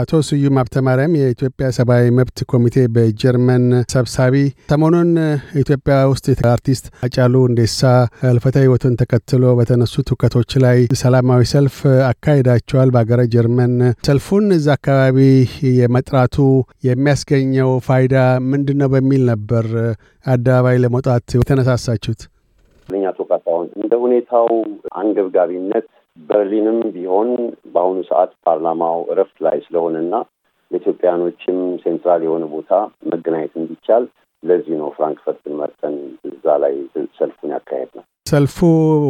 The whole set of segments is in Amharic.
አቶ ስዩም ሀብተማርያም የኢትዮጵያ ሰብአዊ መብት ኮሚቴ በጀርመን ሰብሳቢ፣ ሰሞኑን ኢትዮጵያ ውስጥ አርቲስት አጫሉ እንዴሳ ህልፈተ ህይወቱን ተከትሎ በተነሱት ሁከቶች ላይ ሰላማዊ ሰልፍ አካሂዳቸዋል በሀገረ ጀርመን። ሰልፉን እዛ አካባቢ የመጥራቱ የሚያስገኘው ፋይዳ ምንድን ነው በሚል ነበር አደባባይ ለመውጣት የተነሳሳችሁት? አቶ እንደ ሁኔታው አንገብጋቢነት በርሊንም ቢሆን በአሁኑ ሰዓት ፓርላማው እረፍት ላይ ስለሆነና ለኢትዮጵያኖችም ሴንትራል የሆነ ቦታ መገናኘት እንዲቻል ለዚህ ነው ፍራንክፈርትን መርጠን እዛ ላይ ሰልፉን ያካሄድ ነው። ሰልፉ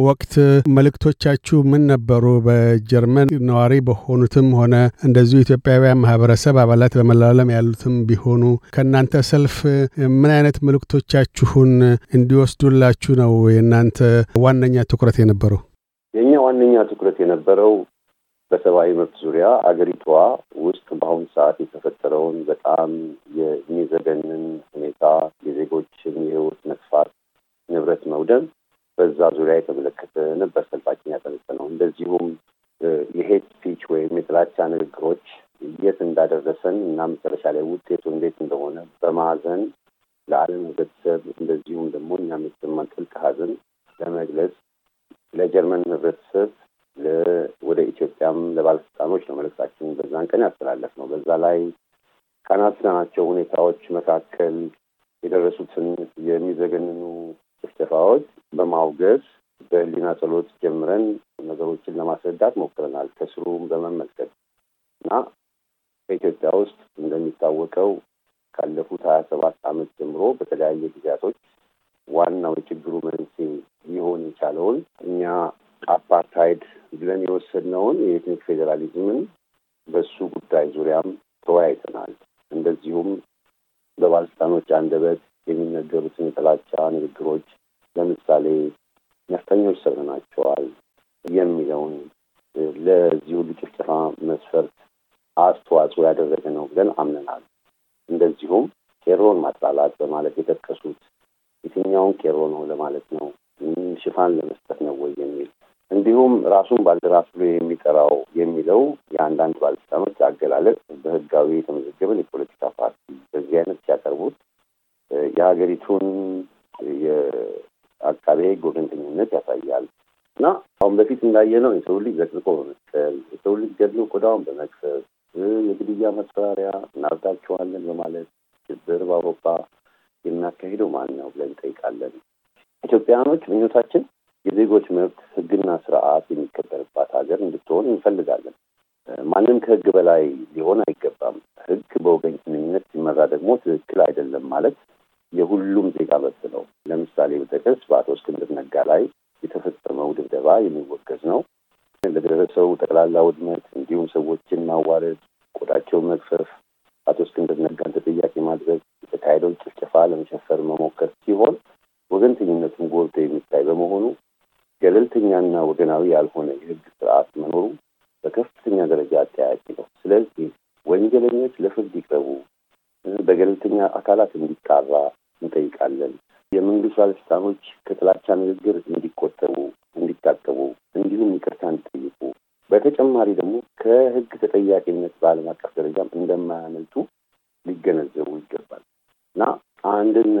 ወቅት መልእክቶቻችሁ ምን ነበሩ? በጀርመን ነዋሪ በሆኑትም ሆነ እንደዚሁ ኢትዮጵያውያን ማህበረሰብ አባላት በመላው ዓለም ያሉትም ቢሆኑ ከእናንተ ሰልፍ ምን አይነት መልእክቶቻችሁን እንዲወስዱላችሁ ነው የእናንተ ዋነኛ ትኩረት የነበረው? የእኛ ዋነኛ ትኩረት የነበረው በሰብአዊ መብት ዙሪያ አገሪቷ ውስጥ በአሁኑ ሰዓት የተፈጠረውን በጣም የሚዘገንን ሁኔታ የዜጎችን የህይወት መጥፋት፣ ንብረት መውደም በዛ ዙሪያ የተመለከተ ነበር ሰልፋችን ያጠነጠነው። እንደዚሁም የሄት ስፒች ወይም የጥላቻ ንግግሮች የት እንዳደረሰን እና መጨረሻ ላይ ውጤቱ እንዴት እንደሆነ በማዘን ለዓለም ህብረተሰብ እንደዚሁም ደግሞ እኛ የተሰማን ጥልቅ ሐዘን ለመግለጽ ለጀርመን ህብረተሰብ ወደ ኢትዮጵያም ለባለስልጣኖች ነው መልእክታችን በዛን ቀን ያስተላለፍ ነው። በዛ ላይ ቀናት ናቸው ሁኔታዎች መካከል የደረሱትን የሚዘገንኑ ጭፍጨፋዎች በማውገዝ በህሊና ጸሎት ጀምረን ነገሮችን ለማስረዳት ሞክረናል። ከስሩም በመመልከት እና በኢትዮጵያ ውስጥ እንደሚታወቀው ካለፉት ሀያ ሰባት ዓመት ጀምሮ በተለያየ ጊዜያቶች ዋናው የችግሩ መንስኤ ሊሆን የቻለውን እኛ አፓርታይድ ብለን የወሰድነውን የኤትኒክ ፌዴራሊዝምን በሱ ጉዳይ ዙሪያም ተወያይተናል። እንደዚሁም በባለስልጣኖች አንደበት የሚነገሩትን የጥላቻ ንግግሮች ለምሳሌ ነፍጠኞች ሰብረናቸዋል የሚለውን ለዚህ ሁሉ ጭፍጨፋ መስፈርት አስተዋጽኦ ያደረገ ነው ብለን አምነናል። እንደዚሁም ቄሮን ማጥላላት በማለት የጠቀሱት የትኛውን ቄሮ ነው ለማለት ነው? ሽፋን ለመስጠት ነው ወይ እንዲሁም ራሱን ባልደራስ ብሎ የሚጠራው የሚለው የአንዳንድ ባለስልጣኖች አገላለጽ በህጋዊ የተመዘገበን የፖለቲካ ፓርቲ በዚህ አይነት ሲያቀርቡት የሀገሪቱን የአቃቤ ህግ ወገንተኝነት ያሳያል እና አሁን በፊት እንዳየነው የሰው ልጅ ዘቅዝቆ በመስቀል የሰው ልጅ ገድሎ ቆዳውን በመቅሰስ የግድያ መሰራሪያ እናርዳቸዋለን በማለት ሽብር በአውሮፓ የሚያካሂደው ማን ነው ብለን እንጠይቃለን። ኢትዮጵያኖች ምኞታችን የዜጎች መብት ህግና ስርዓት የሚከበርባት ሀገር እንድትሆን እንፈልጋለን። ማንም ከህግ በላይ ሊሆን አይገባም። ህግ በወገንተኝነት ሲመራ ደግሞ ትክክል አይደለም ማለት የሁሉም ዜጋ መብት ነው። ለምሳሌ በጠቀስ በአቶ እስክንድር ነጋ ላይ የተፈጸመው ድብደባ የሚወገዝ ነው። ለደረሰው ጠቅላላ ውድመት እንዲሁም ሰዎችን ማዋረድ፣ ቆዳቸው መግፈፍ፣ አቶ እስክንድር ነጋን ተጠያቂ ማድረግ የተካሄደውን ጭፍጨፋ ለመሸፈር መሞከር ሲሆን ወገንተኝነቱን ጎልቶ የሚታይ በመሆኑ ገለልተኛና ወገናዊ ያልሆነ የህግ ስርዓት መኖሩ በከፍተኛ ደረጃ አጠያቂ ነው። ስለዚህ ወንጀለኞች ለፍርድ ይቅረቡ፣ በገለልተኛ አካላት እንዲጣራ እንጠይቃለን። የመንግስት ባለስልጣኖች ከጥላቻ ንግግር እንዲቆጠቡ፣ እንዲታቀቡ እንዲሁም ይቅርታ እንዲጠይቁ በተጨማሪ ደግሞ ከህግ ተጠያቂነት በዓለም አቀፍ ደረጃም እንደማያመልጡ ሊገነዘቡ ይገባል እና አንድን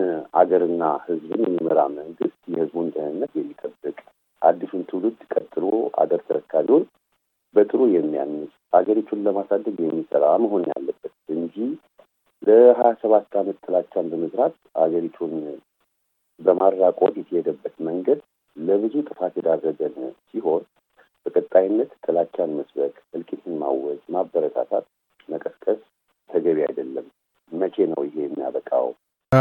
አገርና ህዝብን የሚመራ መንግስት የህዝቡን ደህንነት በጥሩ የሚያንስ ሀገሪቱን ለማሳደግ የሚሰራ መሆን ያለበት እንጂ ለሀያ ሰባት ዓመት ጥላቻን በመዝራት ሀገሪቱን በማራቆት የተሄደበት መንገድ ለብዙ ጥፋት የዳረገን ሲሆን በቀጣይነት ጥላቻን መስበክ፣ እልቂትን ማወጅ፣ ማበረታታት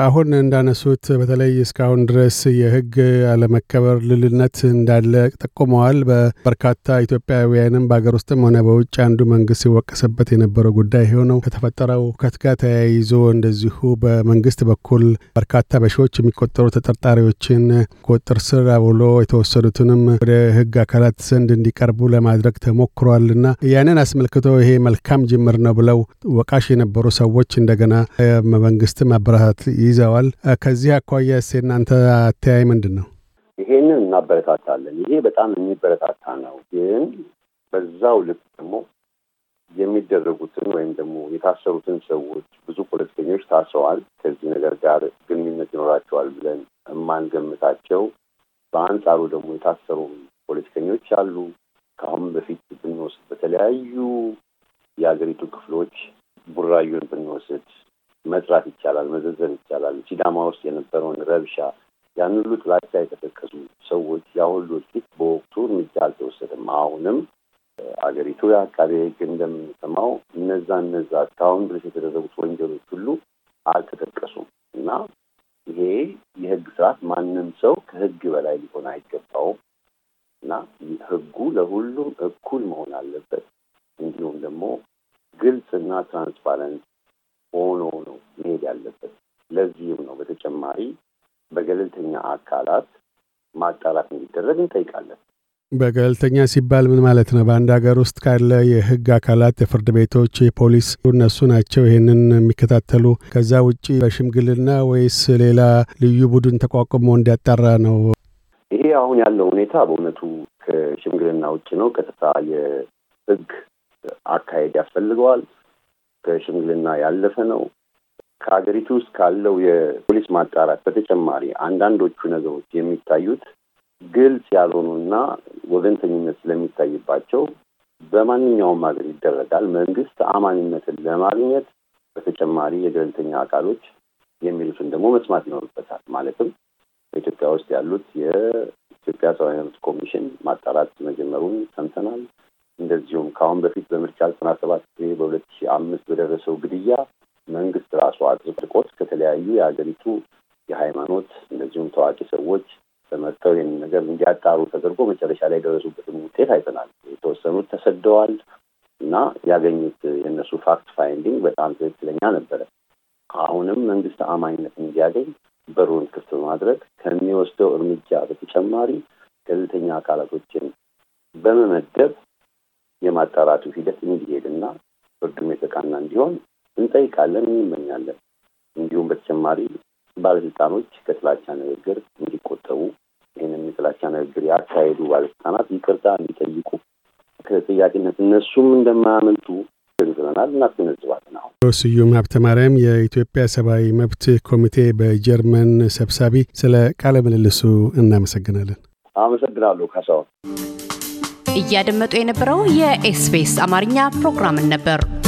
አሁን እንዳነሱት በተለይ እስካሁን ድረስ የህግ አለመከበር ልልነት እንዳለ ጠቁመዋል። በበርካታ ኢትዮጵያውያንም በሀገር ውስጥም ሆነ በውጭ አንዱ መንግስት ሲወቀሰበት የነበረው ጉዳይ ሆነው ከተፈጠረው ሁከት ጋር ተያይዞ እንደዚሁ በመንግስት በኩል በርካታ በሺዎች የሚቆጠሩ ተጠርጣሪዎችን ቁጥጥር ስር አውሎ የተወሰዱትንም ወደ ህግ አካላት ዘንድ እንዲቀርቡ ለማድረግ ተሞክሯልና ያንን አስመልክቶ ይሄ መልካም ጅምር ነው ብለው ወቃሽ የነበሩ ሰዎች እንደገና መንግስትም አበረታት ይዘዋል። ከዚህ አኳያ ስ እናንተ አተያይ ምንድን ነው? ይሄንን እናበረታታለን። ይሄ በጣም የሚበረታታ ነው። ግን በዛው ልክ ደግሞ የሚደረጉትን ወይም ደግሞ የታሰሩትን ሰዎች ብዙ ፖለቲከኞች ታስረዋል። ከዚህ ነገር ጋር ግንኙነት ይኖራቸዋል ብለን የማንገምታቸው በአንጻሩ ደግሞ የታሰሩ ፖለቲከኞች አሉ። ከአሁን በፊት ብንወስድ በተለያዩ የሀገሪቱ ክፍሎች ቡራዩን ብንወስድ መጥራት ይቻላል፣ መዘዘን ይቻላል። ሲዳማ ውስጥ የነበረውን ረብሻ ያን ሁሉ ጥላቻ የተጠቀሱ ሰዎች ያሁሉ ፊት በወቅቱ እርምጃ አልተወሰደም። አሁንም አገሪቱ የአቃቤ ሕግ እንደምንሰማው እነዛ እነዛ እስካሁን ድረስ የተደረጉት ወንጀሎች ሁሉ አልተጠቀሱም እና ይሄ የህግ ስርዓት ማንም ሰው ከህግ በላይ ሊሆን አይገባውም እና ህጉ ለሁሉም እኩል መሆን አለበት። እንዲሁም ደግሞ ግልጽና ትራንስፓረንት ሆኖ መሄድ ያለበት። ለዚህም ነው በተጨማሪ በገለልተኛ አካላት ማጣራት እንዲደረግ እንጠይቃለን። በገለልተኛ ሲባል ምን ማለት ነው? በአንድ ሀገር ውስጥ ካለ የህግ አካላት የፍርድ ቤቶች፣ የፖሊስ እነሱ ናቸው ይህንን የሚከታተሉ። ከዛ ውጭ በሽምግልና ወይስ ሌላ ልዩ ቡድን ተቋቁሞ እንዲያጣራ ነው? ይሄ አሁን ያለው ሁኔታ በእውነቱ ከሽምግልና ውጭ ነው። ቀጥታ የህግ አካሄድ ያስፈልገዋል። ከሽምግልና ያለፈ ነው። ከሀገሪቱ ውስጥ ካለው የፖሊስ ማጣራት በተጨማሪ አንዳንዶቹ ነገሮች የሚታዩት ግልጽ ያልሆኑና ወገንተኝነት ስለሚታይባቸው በማንኛውም ሀገር ይደረጋል። መንግስት ተአማኒነትን ለማግኘት በተጨማሪ የገለልተኛ አካሎች የሚሉትን ደግሞ መስማት ይኖርበታል። ማለትም በኢትዮጵያ ውስጥ ያሉት የኢትዮጵያ ሰብአዊ መብት ኮሚሽን ማጣራት መጀመሩን ሰምተናል። እንደዚሁም ከአሁን በፊት በምርጫ ዘጠና ሰባት በሁለት ሺህ አምስት በደረሰው ግድያ መንግስት ራሱ አጥብቆት ከተለያዩ የሀገሪቱ የሃይማኖት እንደዚሁም ታዋቂ ሰዎች ተመርተው ይህን ነገር እንዲያጣሩ ተደርጎ መጨረሻ ላይ የደረሱበትን ውጤት አይተናል። የተወሰኑት ተሰደዋል እና ያገኙት የእነሱ ፋክት ፋይንዲንግ በጣም ትክክለኛ ነበረ። አሁንም መንግስት አማኝነት እንዲያገኝ በሩን ክፍት በማድረግ ከሚወስደው እርምጃ በተጨማሪ ገለልተኛ አካላቶችን በመመደብ የማጣራቱ ሂደት እንዲሄድ እንዲሄድና ፍርዱም የተቃና እንዲሆን እንጠይቃለን፣ እንመኛለን። እንዲሁም በተጨማሪ ባለስልጣኖች ከጥላቻ ንግግር እንዲቆጠቡ፣ ይህንን የጥላቻ ንግግር ያካሄዱ ባለስልጣናት ይቅርታ እንዲጠይቁ፣ ከጥያቄነት እነሱም እንደማያመልጡ ገንዝበናል፣ እናስገነዝባለን። አሁን ስዩም ሀብተ ማርያም የኢትዮጵያ ሰብአዊ መብት ኮሚቴ በጀርመን ሰብሳቢ፣ ስለ ቃለ ምልልሱ እናመሰግናለን። አመሰግናለሁ ካሳሁን። እያደመጡ የነበረው የኤስቢኤስ አማርኛ ፕሮግራምን ነበር።